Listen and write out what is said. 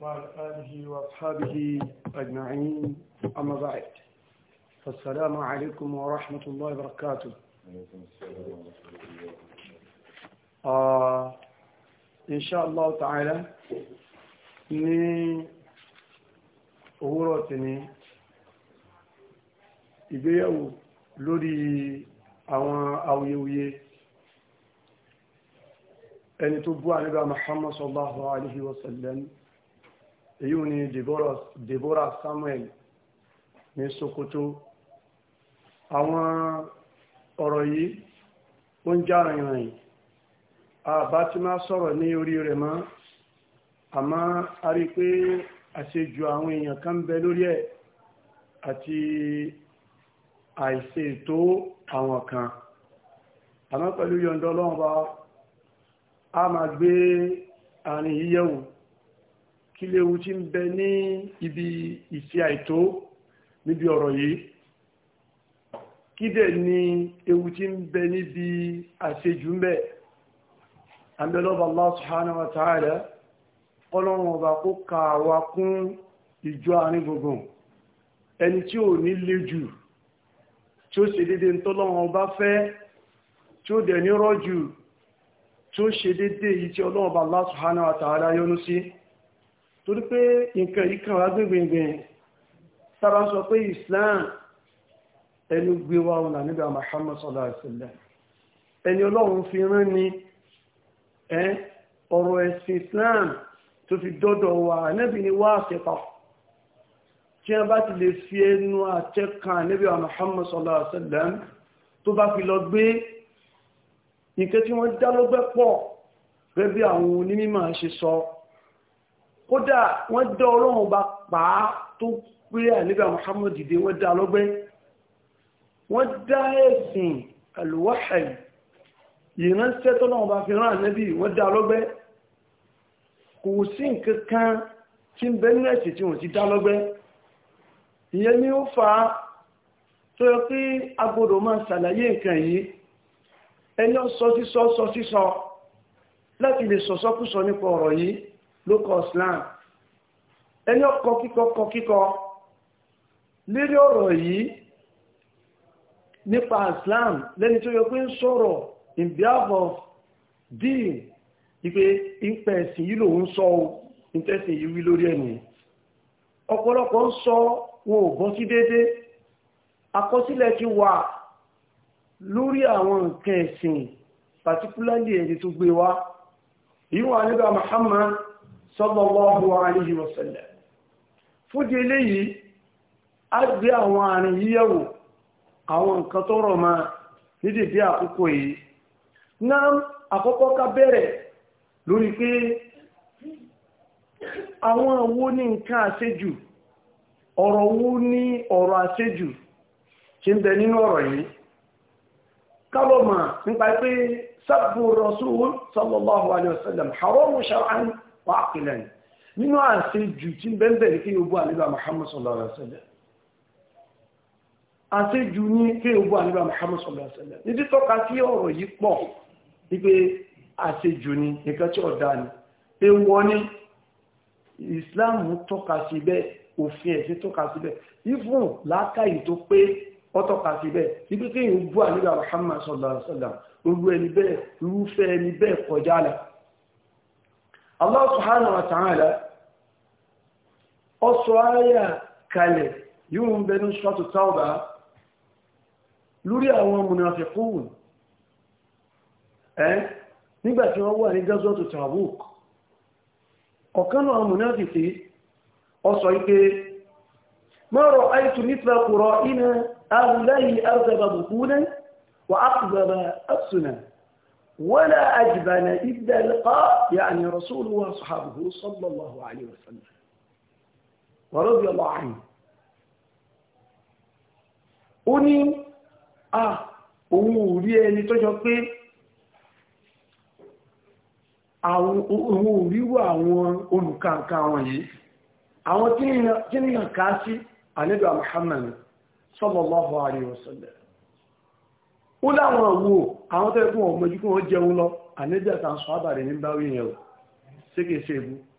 وعلى آله وأصحابه أجمعين أما بعد فالسلام عليكم ورحمة الله وبركاته آه إن شاء الله تعالى ني غورتني إبيعو لوري أو أو يوي أن تبوا على محمد صلى الله عليه وسلم èyí ò ní Deborah Samuel ní Sokoto àwọn ọ̀rọ̀ yìí ó ń já rìnrìn àbá tí máa sọ̀rọ̀ ní orí rẹ̀ mọ́ àmọ́ a rí i pé àṣejù àwọn èèyàn kan ń bẹ lórí ẹ̀ àti àìṣe ètò àwọn kan àmọ́ pẹ̀lú yọ̀ǹdọ́ lọ́wọ́ bá a máa gbé àárín yíyẹ̀wò kí léwu tí ń bẹ ní ibi ìṣe àìtó níbi ọ̀rọ̀ yìí kí dẹ̀ ni ewu tí ń bẹ níbi àṣejù ń bẹ àbẹ̀lọ́bà Allah subhanahu ta'ala ọlọ́run ọba kó ka wa kún ìjọ àárín gbùngbùn ẹni tí ò ní le jù tí ó ṣe dédé tọ́lọ́run ọba fẹ́ tí ó dẹ̀ ní rọ́jù tí ó ṣe dédé yìí ọlọ́run ọba Allah subhanahu wa ta'ala yọ́nú torí pé nǹkan yìí kan wá gbẹ̀gbẹ̀gbẹ̀ sábà sọ pé Islam ẹnu gbé wa ọ̀nà nígbà Muhammad sallallahu alaihi wasallam ẹni ọlọ́run fi rán ni ọ̀rọ̀ ẹ̀sìn Islam tó fi dọ́dọ̀ wa ànábì ni wá àṣẹpà tí wọ́n bá ti lè fi ẹnu àtẹ́kàn ànábì Muhammad sallallahu alaihi tó bá fi lọ gbé nǹkan tí wọ́n dá lọ́gbẹ́ pọ̀ gẹ́gẹ́ bí àwọn onímọ̀ ṣe sọ kódà wọ́n dá ọlọ́run bá pàá tó pé àníbà Muhammad dìde wọ́n dá lọ́gbẹ́ wọ́n dá ẹ̀sìn alùwáhàì ìránṣẹ́ tọ́lọ́run bá fi rán ànábì wọ́n dá lọ́gbẹ́ kò sí nǹkan kan tí ń bẹ nínú ẹ̀sìn tí wọ́n ti dá lọ́gbẹ́ ìyẹn ni ó fa tó yẹ pé agbọ́dọ̀ máa ṣàlàyé nǹkan yìí ẹni ọ sọ sísọ sọ láti lè sọ̀sọ́kúsọ nípa ọ̀rọ̀ yìí ló kọ slam ẹni ọkọ kíkọ kọ kíkọ lérí ọ̀rọ̀ yìí nípa islam lẹ́ni tó yẹ pé ń sọ̀rọ̀ in behalf of dean ìpé ìpẹ̀ ẹ̀sìn yìí lòun sọ ìtẹ́sìn yìí wí lórí ẹni ọ̀pọ̀lọpọ̀ ń sọ wọn ò bọ́ sí déédé àkọsílẹ̀ ti wà lórí àwọn nǹkan ẹ̀sìn particularly ẹni tó gbé wá ìwọ̀n nígbà Muhammad sallallahu alayhi wa sallam fúdí eléyìí a gbé àwọn àrin yíyẹ̀wò àwọn nǹkan tó rọ̀ máa ní dèdè àkókò yìí náà àkọ́kọ́ ká bẹ̀rẹ̀ lórí pé àwọn wo ní nǹkan ọ̀rọ̀ ní ọ̀rọ̀ ń sallallahu alayhi wa sallam wákìlẹ̀ nínú àṣejù tí bẹ́ẹ̀bẹ̀ ní kí o bú àlébà Muhammad sallallahu alaihi wasallam àṣejù ní kí o bú àlébà Muhammad sallallahu alaihi wasallam ní títọ́ka sí ọ̀rọ̀ yìí pọ̀ wípé àṣejù ni nǹkan tí ọ̀dá ni ewọ́ ní Islam tọ́ka sí bẹ́ẹ̀ òfin ẹ̀sìn tọ́ka sí bẹ́ẹ̀ ìfún lákàyè tó pé ọ́tọ́ka sí bẹ́ẹ̀ ibi tí ìbú àlébà Muhammad sallallahu alaihi wasallam ẹni bẹ́ẹ̀ irúfẹ́ ẹni bẹ́ẹ̀ kọjá Allah subhanahu wa ta'ala ó sọ ayà kalẹ̀ yíò ń bẹnu ṣọ́tù tàbà lórí àwọn munafiqun ẹ́ nígbàtí wọ́n wà ní gazọ́tù Tabuk ọ̀kanú àwọn munafiki ó sọ ipé mọ́rọ̀ àìtù nípa kùrọ̀ iná àrùn láyé arzaba bukunan wa aqzaba asuna ولا أجبن إذا لقى يعني رسوله وأصحابه صلى الله عليه وسلم ورضي الله عنه ó ní à òun ò rí ẹni tó jọ pé òun ò ríwọ àwọn olùkàǹkà wọn yìí àwọn tí níyàn ká sí àlébà Muhammad sallallahu alaihi wasallam ó láwọn wo àwọn tẹ́lẹ̀ ọmọ ojú kí lọ àníjẹta sọ àbàrẹ̀ ní báwí yẹn o ṣé